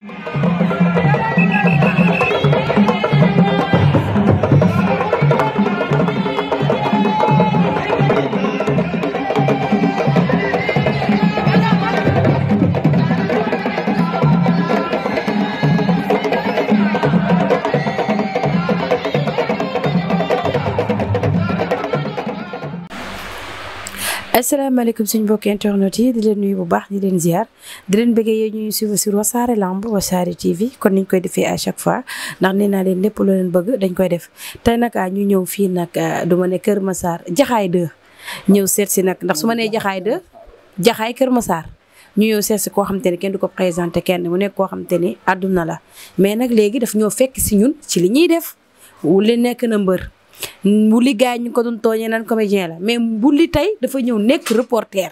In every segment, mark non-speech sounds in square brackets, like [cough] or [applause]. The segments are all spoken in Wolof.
you asalaamaaleykum suñu mbokki internet yi di leen nuyu bu baax di leen ziar di leen bëggee yéen ñuy suivre sur wasaare lamb wasaare TV kon ni ñu koy defee à chaque fois ndax nee naa leen lépp looleen leen bëgg dañ koy def tey nag ah, ñu ñëw fii nag ah, du ma ne Kër Massar Jaxaay 2 ñëw seet si nag ndax su ma nee Jaxaay 2 Jaxaay Kër Massar ñu ñëw seet si koo xamante ni kenn du ko présenté kenn mu nekk koo xamante ni àdduna la mais nag léegi daf ñoo fekk si ñun ci li ñuy def li nekk na mbër. bu li yi ñu ko doon tooñee naan comédien la mais bu tey dafa ñëw nekk reporter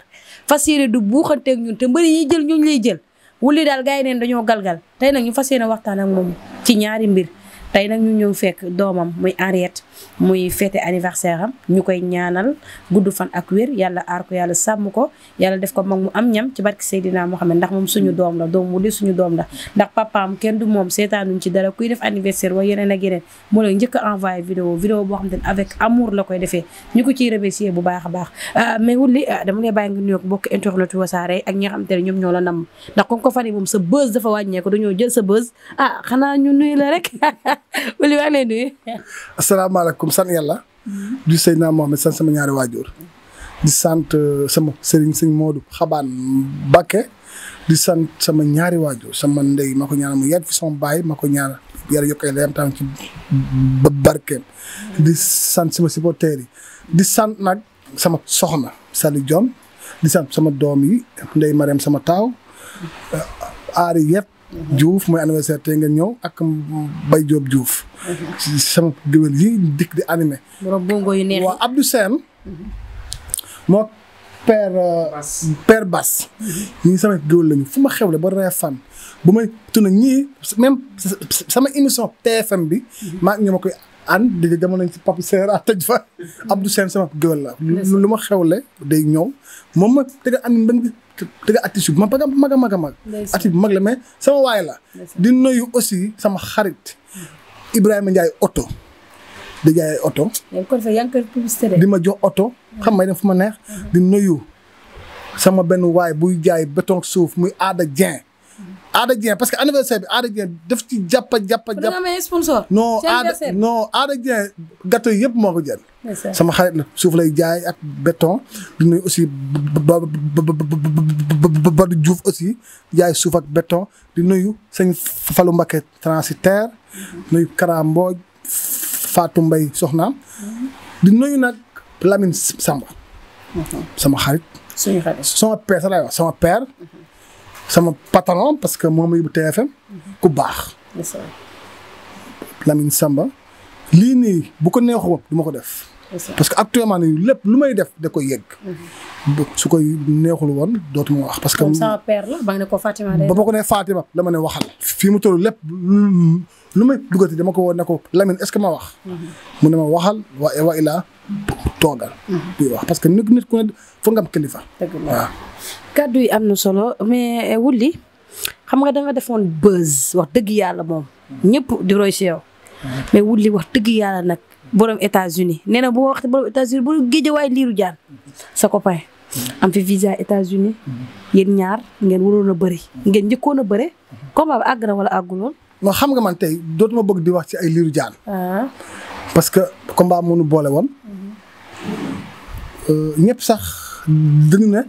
fas yéene du buuxanteeg ñun te mbëri ñuy jël ñooñu lay jël wuli daal gars yi neen dañoo galgal tey nag ñu fas yéene waxtaan ak moom ci ñaari mbir tey nag ñu ñëw fekk doomam muy Henriette muy fête anniversaire am ñu koy ñaanal gudd fan ak wér yàlla aar ko yàlla sàmm ko yàlla def ko mag mu am ñam ci barki Seydina Mohamed ndax moom suñu doom la doom wu di suñu doom la ndax papaam kenn du moom seetaanuñ ci dara kuy def anniversaire wa yeneen ak yeneen moo la njëkk a envoyé vidéo vidéo boo xam te ne avec amour la koy defee ñu ko ciy remercier bu baax a baax ah, mais wulli ah, dama lay bàyyi nga nuyoog bokk internet Wassare ak ñi xam te ne ñoom ñoo la namm ndax kon ko fan yi moom sa buzz dafa wàññeeku dañoo sa buzz ah xanaa ñu nuyu la rek [laughs] wala maa ngi lay nuyu. asalaamaaleykum sant yàlla. Mm-hmm. di Seydina Mohamed sant sama ñaari waajur. di sant uh, sama sëriñ sëñ Modou Xabaan Bakke. di sant sama ñaari waajur sama ndey ma ko ñaanal mu yàgg fi sama baay ma ko ñaanal yàlla yokkee layam tam ci barkeem. Mm-hmm. di sant sama supporters yi. di sant nag sama soxna Sali Dione. di sant sama doom yi ndey Mariam sama taaw. Uh, aari yëpp. Diouf mooy anniversaire tey nga ñëw ak Baye Diop Diouf. sama géwél yi dikk di animé. borom bongo yu neex waaw Abdou Sène mhm. moo père euh, père Bass. Mhm. ñii sama géwél lañu fu ma xewle ba ree fan bu may tuna ñii même sama émission TFM bi. Mhm. maa ñoo ma koy. ànd di demoon nañ si Pape Serre à tëj fa Abdou Sène sama géwél la lu ma xewle day ñëw moom ma tëgg am mbëng tëgg artiste ma mag a mag a mag a mag bu mag la mais sama waay la di nuyu aussi sama xarit ibrahim a Ndiaye oto di jaay oto di ma jox oto xam may dem fu ma neex mhm. di nuyu sama benn waay buy jaay béton suuf muy aada Dieng Ada Dieng parce que anniversaire bi Ada Dieng daf ci jàpp a jàpp a jàpp. dina amee sponsor. non Ada non Ada Dieng gâteau yëpp moo ko jël. sama xarit la suuf lay jaay ak béton. du nuyu aussi ba ba Diouf aussi jaay suuf ak béton di nuyu sëñ Fallou Mbacké transitaire. nuyu Kara Mbodj Fatou Mbaye soxnaam. di nuyu nag Lamine Samba. Mhm. sama xarit. suñu xarit sama père sa lay wax sama père. Mhm. sama patron parce que moom yóbbu TFM ku baax. Lamine Samba lii nii bu ko neexoon du ma ko def. parce que actuellement nii lépp lu may def da koy yegg. Mhm. su koy neexul woon dootuma wax parce que. sama père la ba nga ne ko Fatima ba ma ko nee Fatima la ma ne waxal. fii mu toll lépp lu may duggati dama ko woon ne ko Lamine est-ce que ma wax. Mhm. mu ne ma waxal wa wa ilaa toogal. Mhm. di wax parce que nit nit ku ne foog nga am kilifa. waaw. kàddu yi am na solo mais eh, wulli xam nga da nga defoon buzz wax dëgg yàlla moom. ñëpp di roy si yow. mais wulli wax dëgg yàlla nag borom états uni nee na bu wax waxee borom États-Unis bu géej waaye liiru jaan sa copain. am fi visa États-Unis yéen ñaar ngeen waroon a bëri. ngeen njëkkoon a bëre. combat bi na wala àggul woon. non xam nga man tey bëgg di wax ci ay liiru jaan. Ah. que combat mu nu boole woon. Mhm. Euh, ñëpp sax dëgg na.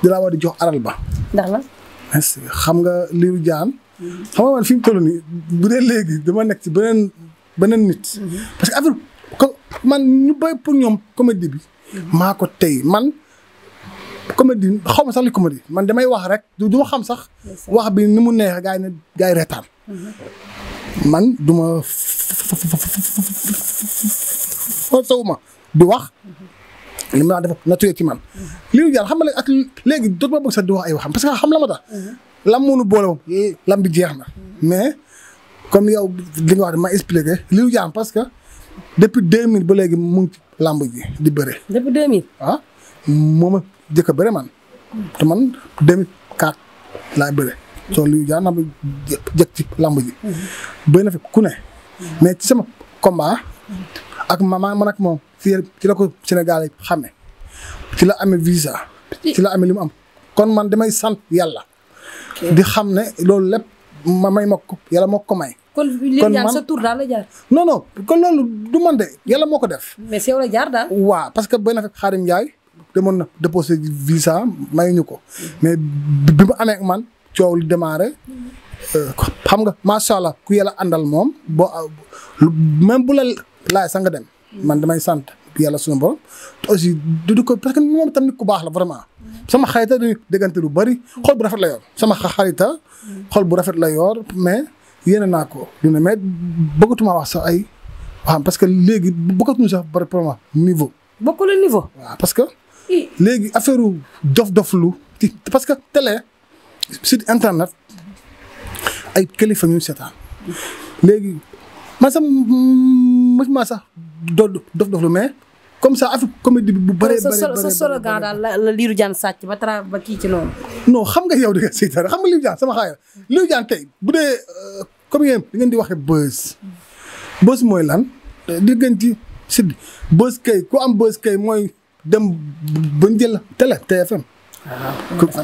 dinaa war di jox aral ba. la. merci xam nga liiru jaan. xam nga man fi mu bu dee léegi dama nekk ci beneen beneen nit. parce que affaire man ñu béy pour ñoom comédie bi. maa ko tey man. comédie xaw ma sax li comédie man damay wax rek du xam sax. wax bi ni mu neexee gaa yi ne gaa duma reetaan. man du ma. foofu ma di wax. li ma dafa naturel ci man. Lirou Diane xam nga ak léegi dootuma bëgg sax di wax ay waxam parce que xam la ma tax. lam moo nu boole woon bi jeex na. mais comme yow li nga wax dama expliqué Lirou Diane parce que depuis 2000 ba léegi mu ngi ci lamb ji di bëre. depuis 2000. ah moom a a bëre man. te man 2004 laa bëre. soo Lirou Diane maa ngi jëkk ci lamb ji. Mm-hmm. bëri na fi ku ne. mais ci sama combat. ak ma man ak moom. ci la ko Sénégal yi xamee ci la amee visa ci la amee li mu am kon man damay sant yàlla di xam ne loolu lépp ma may ma ko yàlla moo ko may. kon léegi jaar sa tur daal la jaar. non non kon loolu du man de yàlla moo ko def. mais sew la parce que benn fekk Xaadim Njaay demoon na déposé visa may ñu ko mais bi mu amee man coow li démarré. Mm-hmm. Euh, xam nga macha allah ku yàlla àndal moom boo même bu la laay sanga dem. man damay sant yàlla suñu borom te aussi du ko parce que moom tamit ku baax la vraiment. sama xarita dañuy déggante lu bari. xol bu rafet la yoor sama xarita. xol bu rafet la yoor mais yéene naa ko. dina mais bëggatuma wax sax ay waxam parce que léegi bëggatuñu sax par rapport niveau. bokkul niveau. waaw parce que. léegi affaire dof-dof lu. parce que télé site internet ay kilifa ñu seetaan léegi man sax mosuma sax. dof dof lu mais comme ça affaire comédie bi bu baree bëri sa slogan daal la Lirou Diane sàcc ba tra ba kii ci noonu. non xam nga yow di nga siy [laughs] dara xam nga Lirou Diane sama xaaya Lirou Diane tey bu dee euh, comme yéen di ngeen di waxee buzz. buzz mooy lan euh, di ngeen ci si buzz kay ko am buzz kay mooy dem ba ñu jël télé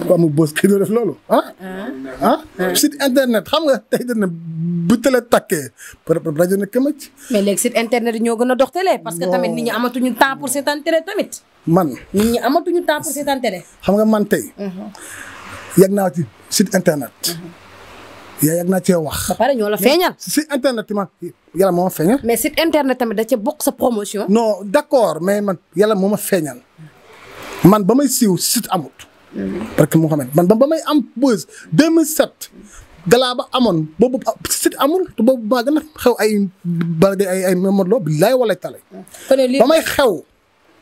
ku amul boos kii doo def loolu ah. ah, ah. site internet xam nga tey dana bu télé takkee rajo na këmëj. mais léegi si internet yi ñoo gën a dox télé. parce que tamit nit ñi amatuñu temps pour seetaan télé tamit. man nit ñi amatuñu temps pour seetaan xam nga man tey. Mhm. yàgg naa ci site internet. Mhm. yaa yàgg naa cee wax. ba pare ñoo la feeñal. site internet man yàlla moo a feeñal. mais site internet tamit da cee bokk sa promotion. non d'accord mais man yàlla moo ma feeñal. man ba may siiw site amut. parce que Mouhamed man ba may am buzz 2007. galaa ba amoon boobu site amul te boobu maa gën xew ay bala ay ay Modou Lo billaay wala tale ba may xew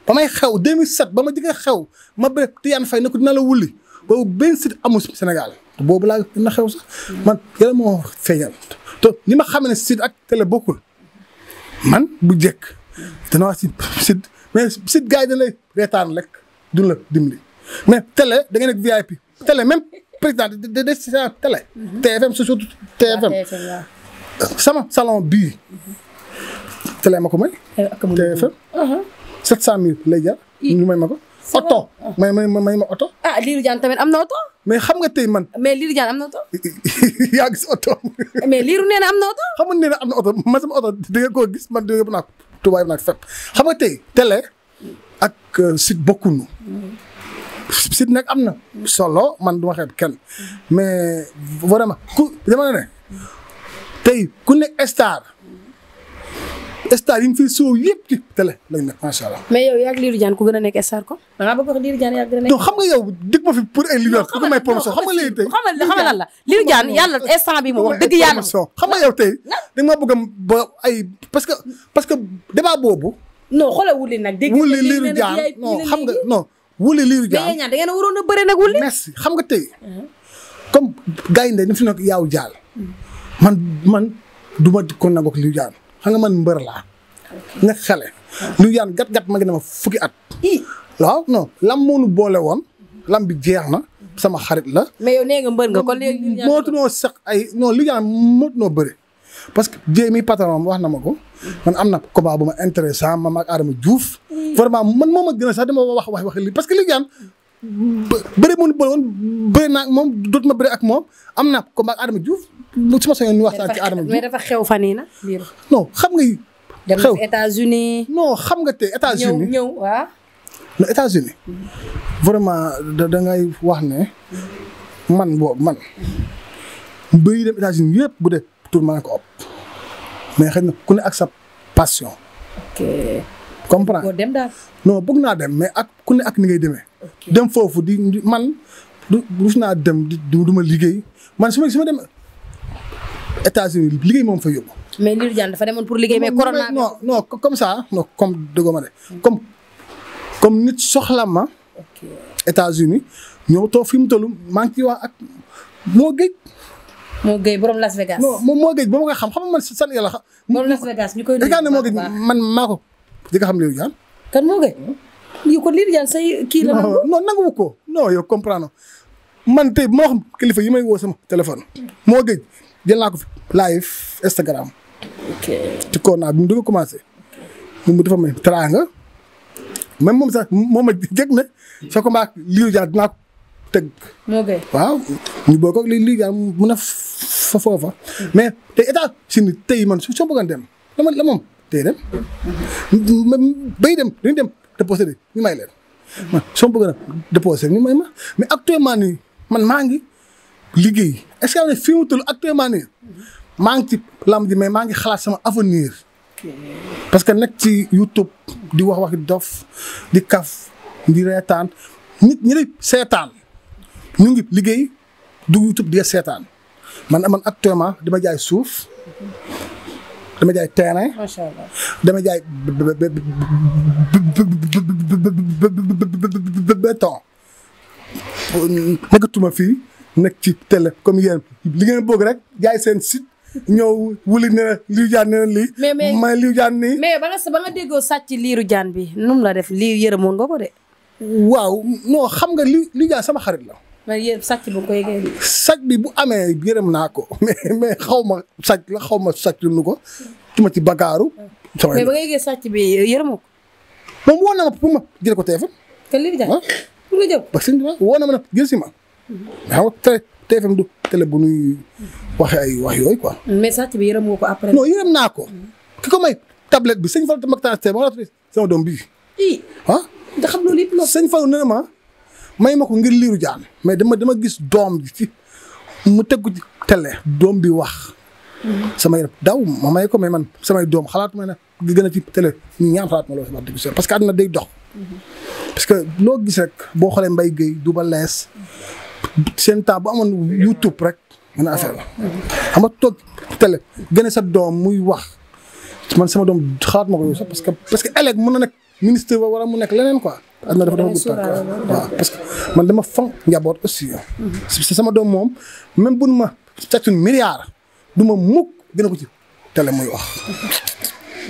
ba may xew 2007 ba ma jëkk xew ma bëre Tidiane Faye na ko dina la wulli boobu benn site amul Sénégal te boobu laa xew sax man yàlla moo feeñal te ni ma xam ne site ak télé bokkul man bu jëkk dana wax si site mais site gars yi dañ lay reetaan rek duñ la dimbali mais télé da ngeen nekk VIP télé même président de de sa télé. TFM mhm. surtout TFM. sama salon bii. télé ma ko may. Eh, TFM. 700000 uh-huh. lay jar. ñu may ma ko. oto ah. may may may ma oto. ah Lirou Diane tamit am na oto. mais xam nga tey man. mais Lirou am na oto. [laughs] yaa gis oto. Eh, nee na am na oto. xam nga nee am na oto man sama oto da koo gis man dégg naa ko tubaab naa ko fépp xam nga tey télé. ak euh, sit bokkunu sit nag am na solo man du ma kenn mais vraiment ku dama ne tey ku nekk star star yi mu fi soow yëpp ci télé lañ nekk macha allah. mais yow yaa ngi Lirou Diane ku gën a nekk star ko da ngaa bëgg a nekk. donc xam nga yow dëgg ma fi pour ay Lirou Diane ku xam nga léegi tey. yàlla instant bi moom wax dëgg yàlla. xam nga yow tey da nga bëgg a ay parce que parce que débat boobu. non xoolal wuli nag. dégg wuli liiru jaan non xam nga non. wuli liiru jaan mais da ngeen a waroon a bëre nag wuli. merci xam nga tey. Uh-huh. comme gaynde ni fi nekk yaaw jaal. Hmm. man man du ma ko nangook liiru jaan xam nga man mbër laa. nekk xale. Uh-huh. liiru jaan gat gat ma gën a ma fukki at. waaw non lam moo nu boole woon. lam bi jeex na. sama xarit la. mais yow nee nga mbër nga kon léegi. mootu noo sax ay non liiru jaan mootu noo bëre. parce que jéemi patron wax na ma ko. man am na combat bu ma intéressant ma ak Adama Diouf. vraiment man moom ak gën a sax dama wax wax wax que li gaan bëri mu bëri woon dootuma bëri ak moom am na combat ak Adama Diouf su ma soxla ñu waxtaan ci Adama Diouf mais dafa xew fan yii na non xam nga. dem na états xam nga te États-Unis ñëw ñëw waaw. États-Unis vraiment da wax ne man boobu dem États-Unis yëpp bu dee. tout mën na ko mais xëy na ku ne ak sa passion. ok comprendre dem daal. bëgg naa dem mais ak ku ne ak ni ngay demee. dem foofu di man du rus naa dem di du ma liggéey man su ma su ma dem États-Unis liggéey moom fa yóbbu. mais Lirou Diane dafa demoon pour liggéey mais. corona non comme ça non comme dëggoo ma de. Hmm. comme comme nit soxla ma. États-Unis ñëw toog fi mu toll maa ngi ciy wax ak moo géej. moo gëy borom Las Vegas. non moom moo gëj ba ma koy xam xam nga man sant yàlla xam. borom Las Vegas ñu koy nuyu bu moo gëj man maa ko di nga xam Lirou Diane. kan moo gëj. yow kon Lirou Diane say kii la. non non nanguwu ko non yow comprendre man tey moo xam kilifa yi may woo sama téléphone. moo gëj jël naa ko fi live Instagram. ok ci corona bi mu dugg commencé. moom dafa may teraanga. même moom sax moom ma jég ne soo ko mbaa Lirou Diane dinaa ko. tëgg. moo gën waaw ñu bokk ak li lii daal mën a fa foofa. mais te état si tey man su soo bëggoon dem la man la moom tey dem. bay dem dañuy dem déposé de ñu may leen. man soo bëggoon a déposé ñu may ma mais actuellement nii man maa ngi liggéey est-ce que fi mu toll actuellement nii maa ngi ci lamb ji mais maa ngi xalaat sama avenir. parce que nekk ci YouTube di wax wax dof di kaf di reetaan nit ñi di seetaan ñu ngi liggéey du YouTube di seetaan man ma actuellement dama jaay suuf dama jaay terrain. macha allah dama jaay béton. nekkatuma fii nag ci télé comme yéen li ngeen bëgg rek jaay seen sit ñëw wuli ne liiru jaan ne lii. mais mais ma liiru jaan nii. mais ba nga ba nga déggoo sàcc liiru jaan bi nu mu la def lii yërëmoon nga ko de. waaw non xam nga li liiru jaan sama xarit la. mais yéen sàcc bu koy génn. bi bu amee yërëm naa ko [laughs] mais mais xaw ma sàcc la xaw ma sàcc lu ko. ci ma ci bagaaru. sama mais ba ngay gis sàcc bi yërëmoo ko. moom woo ma pour ma jël ko téléphone. te li nga ah. pour nga woo na ma nag jël si ma. xam mhm. nga du télé bu nuy wax yooyu quoi. mais sàcc bi yërëmoo ko après. non yërëm naa ko. Mhm. ki ko bi sëñ Fallou Makhtar Seye ma sama doom bii. ah. nga nee ma. may ma ko ngir liiru jaan mais dama dama gis doom ji ci mu tegu ci télé doom bi wax. sama yëpp daw ma may ko mais man samay doom xalaatu ma ne di gën a ci télé ñu ñaan xalaat ma loolu parce que àdduna day dox. parce que loo gis rek boo xoolee mbay géey du ba lees seen temps bu amoon YouTube rek mën a toog télé gën a sa doom muy wax man sama doom xalaat ma ko yow sax parce que parce que na nekk ministre ba wala mu nekk leneen quoi. adna dafa dafa gudd tànk waaw parce que man dama fonk njaboot aussi si mhm. sama doom moom même buñ ma sàccul milliard du ma mukk dina ko ci télé muy wax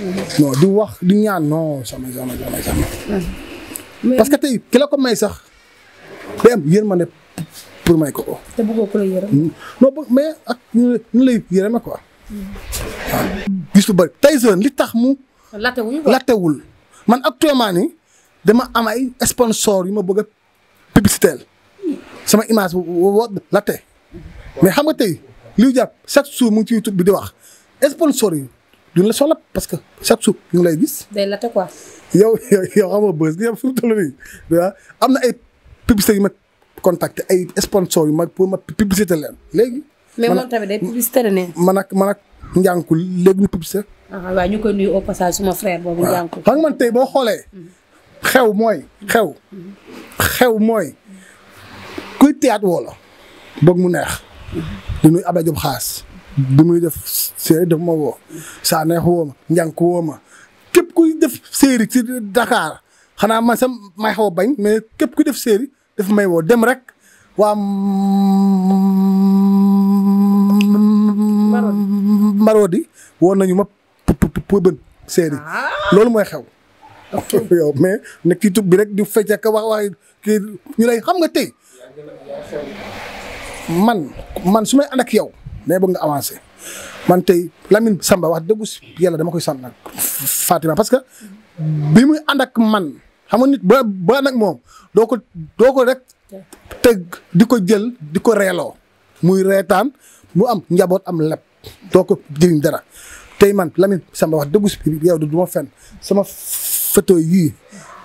mhm. non du wax du ñaan non sama mhm. parce que tey ki ko may sax day am yërmande pour may ko ko te bëggoo ko la yërëm mm. non ak ñu lay yërëme quoi waaw gis lu bëri Tyson li tax mu latewul man actuellement nii dama am ay sponsor yu ma bëgg a publicité sama image wo la te mais xam nga tey liy jàpp chaque jour mu ngi ci YouTube bi di wax sponsor yi duñ la soxla parce que chaque jour ñu ngi lay gis. day latte quoi. yow yow yow xam nga bës yow fi mu toll nii am na ay publicité yu ma contacté ay sponsor yu mag pour ma publicité leen léegi. mais moom tamit day publicité la ne. man ak man ak njànku léegi ñu publicité. waaw ah, waaw ñu koy nuyu au passage suma frère boobu njànku. xam nga man tey boo xoolee. Mm. xew mooy xew xew mooy kuy teyaat woo la mu neex du muy Abdou Diop xaas du muy def séeri daf saa neex woo ma njànk ma képp kuy def séeri si Dakar xanaa man sam may xaw a bañ mais képp kuy def séeri daf may woo dem rek waa Marodi woon nañu ma pour bën séeri loolu mooy xew yow mais nekk ci bi rek di fecc ak wax wax kii ñu lay xam nga tey man man su may ànd ak yow mais bëgg nga avancé man tey Lamine Samba wax dëggu si yàlla dama koy sant nag Fatima parce que bi muy ànd ak man xam nga nit ba ba nag moom doo ko doo ko rek teg di ko jël di ko reeloo muy reetaan mu am njaboot am lépp doo ko jëriñ dara tey man Lamine Samba wax dëggu si yow du sama. photo yii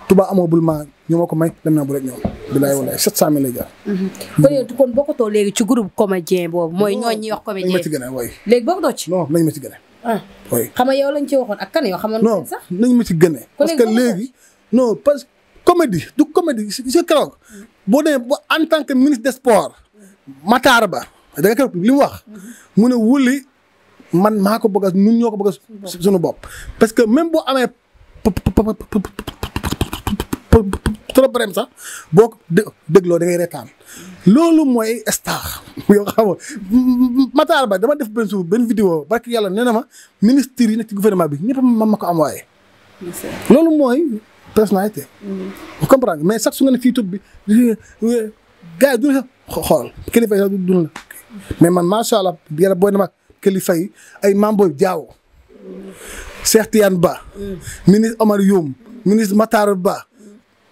Touba Ameublement ñoo ma ko may dem naa bu rek ñoom. bilaay walaay 700000 lay jaar. Mm-hmm. kon léegi boobu mooy ci gën a waay ma ci gën a. Ah. a. parce que léegi non parce que comédie du comédie c'est keroog boo demee ba en tant que ministre de sports Matar Ba da nga keroog li mu wax mm-hmm. mu ne wuli man maa ko bëgg a ñun ñoo ko bëgg a suñu bopp parce que même boo amee trop brem sax boo ko dégloo da ngay reetaan loolu mooy star [laughs] yoo xam Ba dama def benn suuf benn vidéo barki yàlla nee na ma ministre yi nekk ci gouvernement bi ñëpp ma ma ko am waaye loolu mooy personnalité. vous mm-hmm. comprenez mais sax su nga ne fii tub bi gars yi du xool kilifa yi du la mais man macha allah yàlla booy na ma kilifa yi ay Mamboy Diaw. Cheikh Tidiane Ba. ministre Omar Youm. ministre Matar Ba.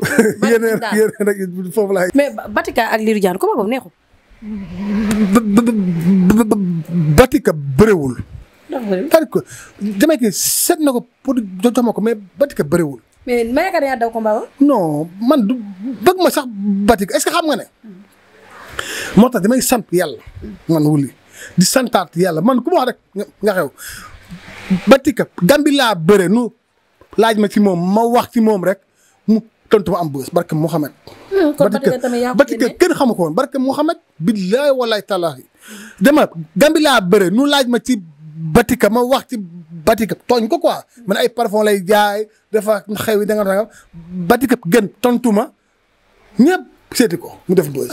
[laughs] yeneen yeneen ak foofu laay. mais Batika ak Lirou Diane ko ma ko Batika bëriwul. ndax ko damay set na ko pour jox ma ko mais Batika bëriwul. mais ma yaakaar yaa daw combat ba. non man du bëgg ma sax Batika est-ce que xam nga ne. moo tax damay sant yàlla. man wuli di santaat yàlla man ku ma wax rek nga xew. ba tikab gambi laa bëre nu laaj ma ci moom ma wax ci moom rek mu tontu ma am bës barke Mouhamed. Hmm, kon ba tikab kenn xamu ko woon barke Mouhamed. billaay walaay talaahi dama gambi laa bëre nu laaj ma ci batika ma wax ci batika tooñ ko quoi ay parfum lay jaay dafa xew yi da nga da gën tontu ma ñëpp seeti ko mu def bës.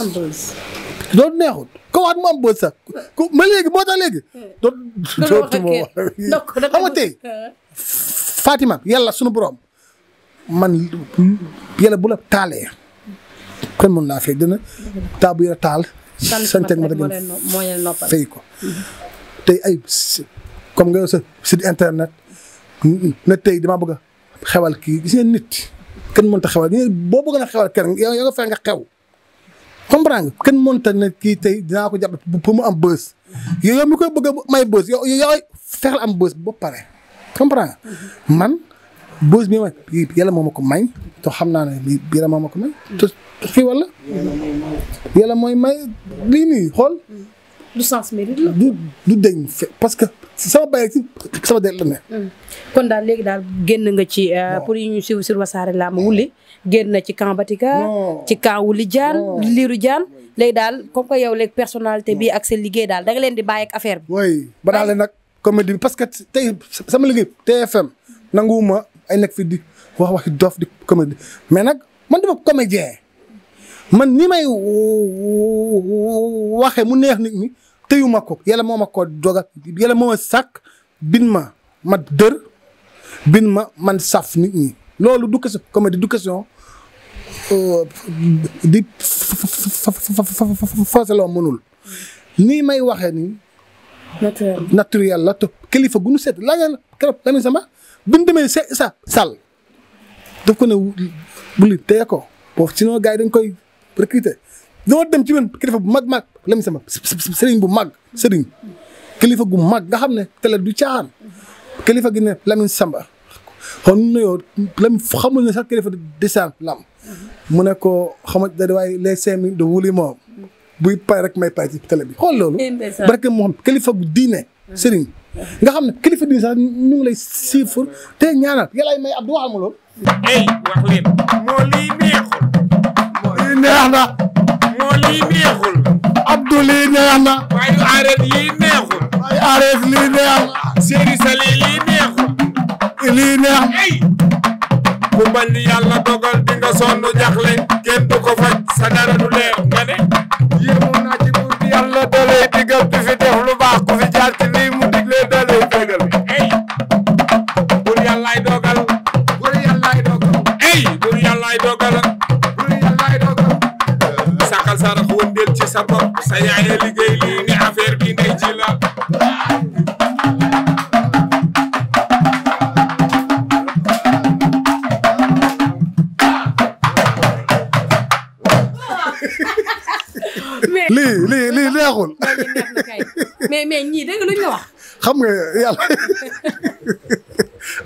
loolu neexul ko waat mu am boo sax ma léegi moo tax léegi. doot dootuma wax xam nga tey Fatima yàlla sunu borom man yàlla bu la taalee kon mën naa fay dina taa bu yàlla taal. sant ak ma gën fay ko. tey ay comme nga sa site internet na tey damaa bëgg a xewal kii gis ngeen nit kenn mënut a xewal boo bëgg na xewal ker yaa nga fexe nga xew. comprendre nga kenn mënta kii tey dinaa ko jàpp pour mu am bës yow mi koy bëgg a may bës yow yow am bës boo pare comprendre man bës bi ma yàlla moo ma may to xam naa ne bi yàlla moo ma ko may te xiiwal la yàlla mooy may lii nii xool du sens parce que sama bay ci sama del la ne mm. kon daal léegi daal génn nga ci euh, pour yi ñu suivre sur Wassare Lamb wulli génn na ci camp Batika ci camp Wuli Diane Liiru Diane léegi daal comme que yow léegi personnalité bi ak seen liggéey daal da leen di bàyyi ak affaire bi. oui ba daal nag comédie bi parce que tey sama liggéey TFM nanguwuma ay nekk fi di wax waxi dof di comédie mais nag man dama comédien man ni may waxe mu neex nit ñi tëyuma ko yàlla moom ma ko dogal yàlla moo ma sàkk bin ma ma dër bin ma man saf nit ñi loolu du question comédie du question di fasaloo mënul nii may waxee nii. naturel naturel la te kilifa gu nu seet laa ngeen keroog Lamine Samba bu ñu demee sa sa sàll daf ko ne buli téye ko boobu sinon gars yi dañ koy recruter dama dem ci benn kilifa bu mag mag Lamine Samba sëriñ bu mag sëriñ kilifa gu mag nga xam ne télé du caaxaan kilifa gi ne Lamine Samba kon nuyoo Lamine xamul ne sax kilifa di desaan lam mu ne ko xama da waaye les cinq minutes de wuli moom buy pay rek may pay ci télé bi xool loolu eh, barke moo xam kilifa bu diine sëriñ nga xam ne kilifa diine sax ñu ngi lay siifur te ñaanal yàllaay may Abdou waxal ma loolu ey eh, wax leen moo lii neexul moo lii neex na moo lii neexul Abdou lii neex na waaye aareef lii neexul waaye aareef lii neex na Sëriñ Sali lii neexul lii neex ku bañ li yàlla dogal di nga sonn jaxle kenn du faj sa dara leer nga ne yéemu naa ci buur bi yàlla dalee digal bi neexoon. mais mais ñii dégg luñ la wax. xam nga yàlla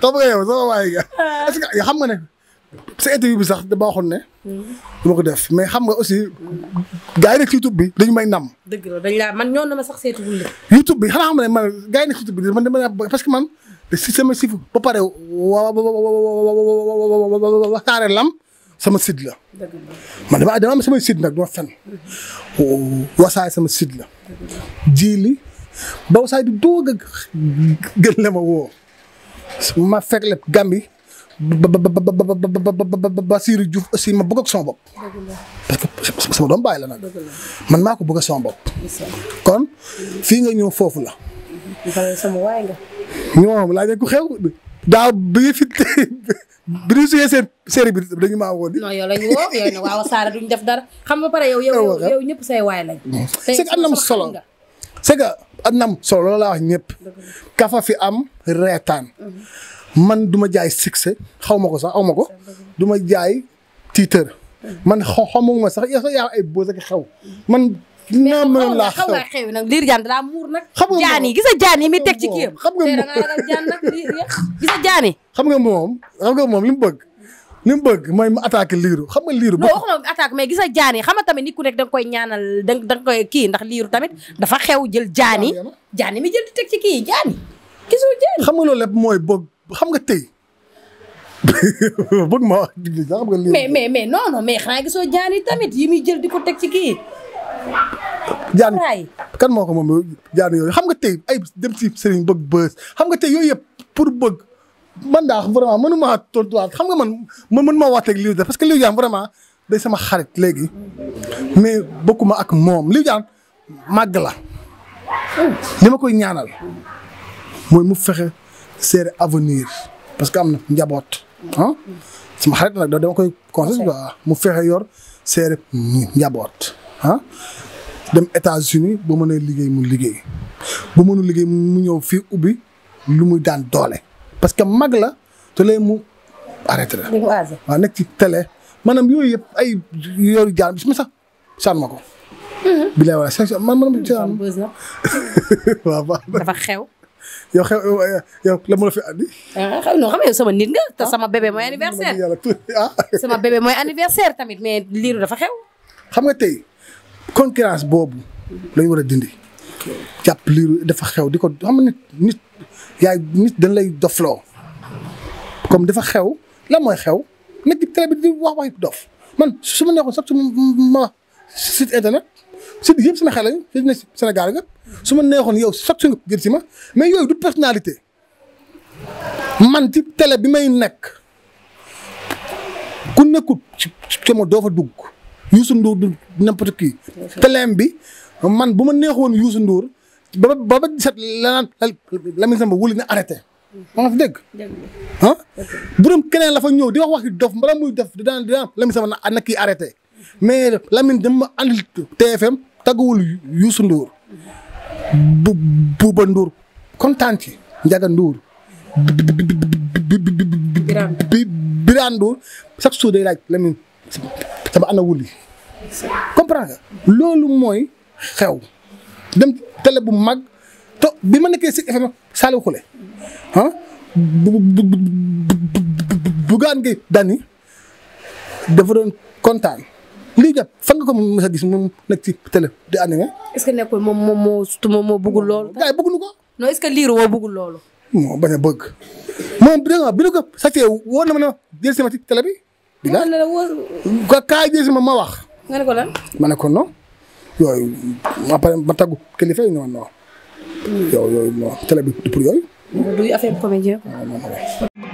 xam nga yow sama waay ga est-ce que xam nga ne sa interview bi sax dama waxoon ne. dama ko def mais xam nga aussi gars yi nekk ci YouTube bi dañu may nam. dëgg la dañ laa man ñoo na ma sax seetu wuñ la. YouTube bi xanaa xam nga ne man gars yi nekk ci YouTube bi man dama parce que man si sama siif ba pare wa wa wa wa wa wa wa wa wa wa wa wa sama sid la. man dama dama am sama sid nag doo fen wasaay sama sid la. jiili ba wasaay di doog gën la ma woo ma fekk la Gàmbi ba ba ba Basiirou Diouf aussi ma bëgg ak sama bopp. parce que sama doom bàyyi la nag. man maa ko bëgg ak sama bopp. kon fii nga ñëw foofu la. sama waay nga. ñoom xew. daaw bi nga fi [laughs] bi ñu suyee seen série bi dañu maa woo. non yow la ñu Saara duñ def dara xam nga pare yow. yow yow ñëpp say waay lañ. c'est que am na am solo c'est a am na am solo loolu laa wax ñëpp. kafa fi am reetaan. Mhm. man duma ma jaay succès xaw ma ko sax aw ma ko. du ma jaay tiitër. Mhm. man xaw xaw ma sax yaa ay boos ak xew mhm. man. naa mënoon laa xew mais xew nag liir jaan daa muur nag. xam nga moom jaan yi mi teg ci xam nga moom jaan xam nga moom xam nga moom li mu bëgg. li mooy mu attaqué liiru xam nga liiru. non waxuma mais gis nga jaan yi xam nga tamit nit ku nekk da nga koy da nga koy kii ndax liiru tamit dafa xew jël jaan jaan mi jël di ci kii yi jaan yi. gisul jaan yi xam nga loolu lépp mooy bëgg xam nga tey [laughs] bëgg ma wax. mais mais mais non non xanaa gisoo jaani tamit yi muy jël di ko teg ci kii jaan kan moo ko moom jaan yooyu xam nga tey ay dem si sëriñ bëgg bës xam nga tey yooyu yëpp pour bëgg man daa a mënuma tontuwaat xam nga man man mënuma waxteeg Liiru Jaan parce que Liiru Jaan vraiment day sama xarit léegi mais bokkuma ak moom Liiru Jaan màgg la li ma koy ñaanal mooy mu fexe seere avenir parce que am na njaboot ah sama xarit nag dama koy conseil mu fexe yor seere njaboot ah dem États-Unis ba mën a liggéey mu liggéey bu mënu liggéey mu ñëw fii ubbi lu muy daan doole parce que mag la te lee mu arrêté la. nekk ci télé maanaam yooyu yëpp ay yooyu jaar su ma sax sànn ma ko. Mhm. bi lay wax man man ma ci am. [laughs] waaw baax na dafa xew. yow fi andi. Ah, xew xam nga sama nit nga te ah. sama bébé mooy anniversaire [laughs] ah. sama bébé mooy tamit mais liiru dafa xew. xam nga tey. concurrence boobu lañ war a dindi jàpp liiru dafa xew di ko xam nit nit yaay nit dañ lay dofloo comme dafa xew la mooy xew nit ki bi di wax waxi dof man su ma neexoon sax su ma site internet site yëpp sama xel lañu ne Sénégal nga su ma neexoon yow sax su si ma mais yooyu du personnalité man ci télé bi may nekk ku nekkul ci ma doo fa dugg yuusu Ndour du n'importe kii teleem bi man bu ma neexoon yuusu nduur ba ba ba set la Lamine Samba wuli na arrêté. Mm-hmm. maa ngi fi dégg. Ah? keneen la fa ñëw di wax waxi dof mbala muy def di daan di daan na kii arrêté mm-hmm. mais Lamine dama andil TFM tagguwul Youssou Ndour. bu Bouba Ndour kontaan ci Ndiaga Ndour. Birane Ndour chaque jour day laaj Lamine. te ba ana wulli comprendre loolu mooy xew dem télé bu mag to bi ma nekkee si FM Saliou Khoulé ah bu bu Bougane Gueye Dany dafa doon kontaan lii jàpp fan nga ko mos a gis moom nag ci télé di animé. est-ce que nekkul moom moom moo moom moo bëggul loolu. gars yi ko. non est-ce que liiru woo bañ a bëgg moom bi nga ko sax woo na ma ne ma jël bi. bilaay la ko kaay ma ma wax. nga ne ko lan. ma ne ko non yooyu ma pare ma taggu kilifa yi non non. Mm. yow yooyu non télé bi du pour yooyu. du affaire comédien ah,